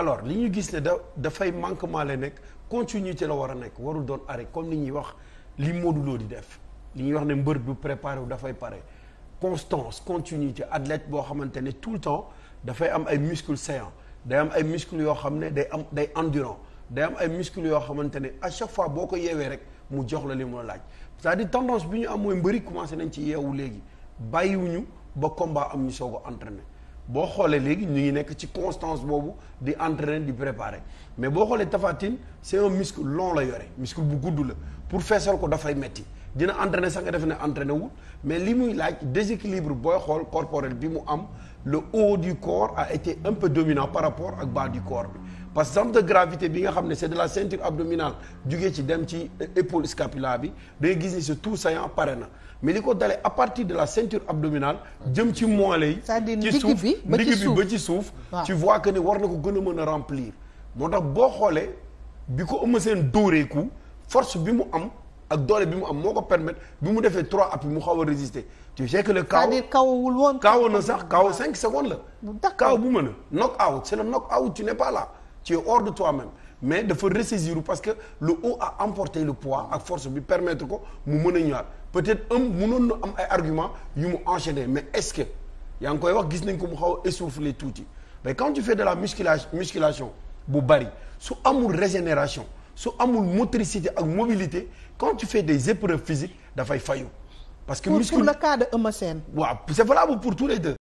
alors li ñu gis ne da dafay manquement la nekk continuité la war a nekk warul doon are comme ni ñuy wax li Modou Lo di def li ñuy wax ne mbër du préparé wu dafay pare constance continuité athlète boo xamante ne tout le temps dafay am ay muscles saillants day am ay muscles yoo xam ne day am day endurant day am ay muscles yoo xamante ne à chaque fois boo ko yeewee rek mu jox la li mu la laaj cest di dire tendance bi ñu am mooy mbëri commencé nañ ci yeewu léegi bàyyiwuñu ba combat am ñu soog a entraîner boo xoolee léegi ñu ngi nekk ci constance boobu di entraîner di préparer mais boo xoolee Tapha Tine c'est un muscle long la yore muscle bu gudd la pour feesal ko dafay metti dina entraîner sax nga def ne entraîner mais li muy laaj déséquilibre booy xool corporel bi mu am le haut du corps a été un peu dominant par rapport ak bas du corps bi parce que centre de gravité bi nga xam ne c'est de la ceinture abdominale jugee ci dem ci épaule scapula bi da gis ni c'est tout saillant pare na mais li ko dalee à partir de la ceinture abdominale jëm ci moelle yi ci suuf ndigg bi ba ci suuf tu vois que ni war na ko gën a mën a remplir moo tax boo xoolee bi ko ëmma seen dóoreeku force bi mu am ak doole bi mu am moo ko permettre bi mu defee trois appuis mu xaw a résister tu sais que le KO woon kawo na sax kawo cinq secondes la kawo bu mën a knock out c'est le knock out tu n'es pas là ci es hors de mais dafa ressaisir parce que le haut a emporté le poids ak force bi permettre ko mu mën a ñëwaat peut-être am mënoon na am ay arguments yu mu enchaîner mais est-ce que yaa ngi koy wax gis nañ ko mu xaw a essoufflé tuuti mais quand tu fais de la musculation musculation bu bari su amul régénération su amul motricité ak mobilité quand tu fais des épreuves physiques dafay fayu. parce que muscul pour le cas de Eumeu Sène. waaw c'est valable pour tous les deux.